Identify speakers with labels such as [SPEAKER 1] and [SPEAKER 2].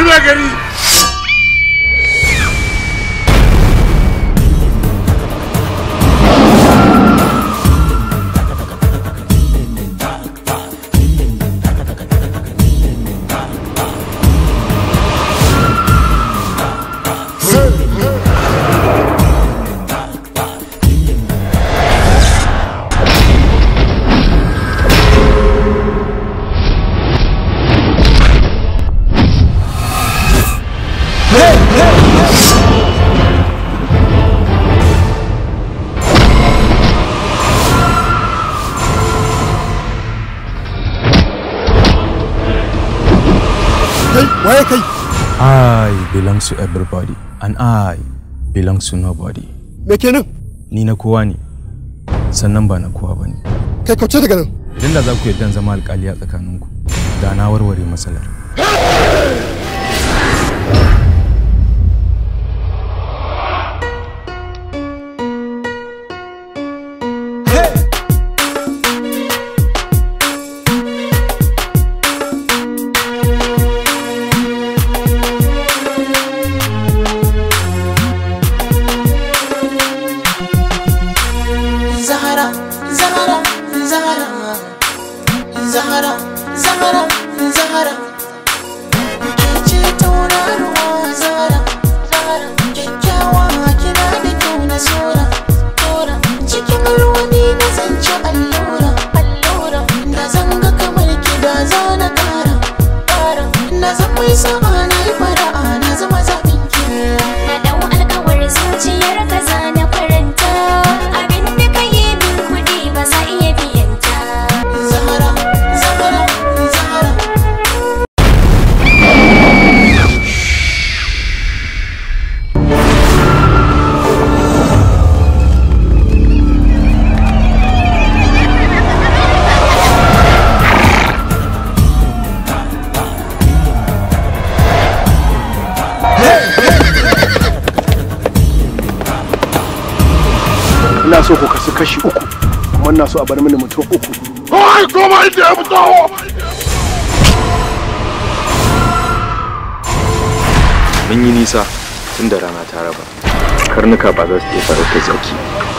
[SPEAKER 1] Şuna geleyim.
[SPEAKER 2] kai waye kai i belong to everybody and i belong to nobody me kenan ni na kowa ne sannan ba na kowa bane kai kauce daga nan idan da za ku yarda zama alƙali a tsakaninku da na warware matsalar
[SPEAKER 1] zahara zahara zahara zahara zahara zahara ke da kyau na cikin na allura allura zanga kamar ki zana kara kara na zan mai
[SPEAKER 2] so ku kasu kashi uku kuma ina so a bar mini mutum uku ai koma ita ya fito mun yi nisa tun da rana ta raba karnuka ba za su iya farautar zaki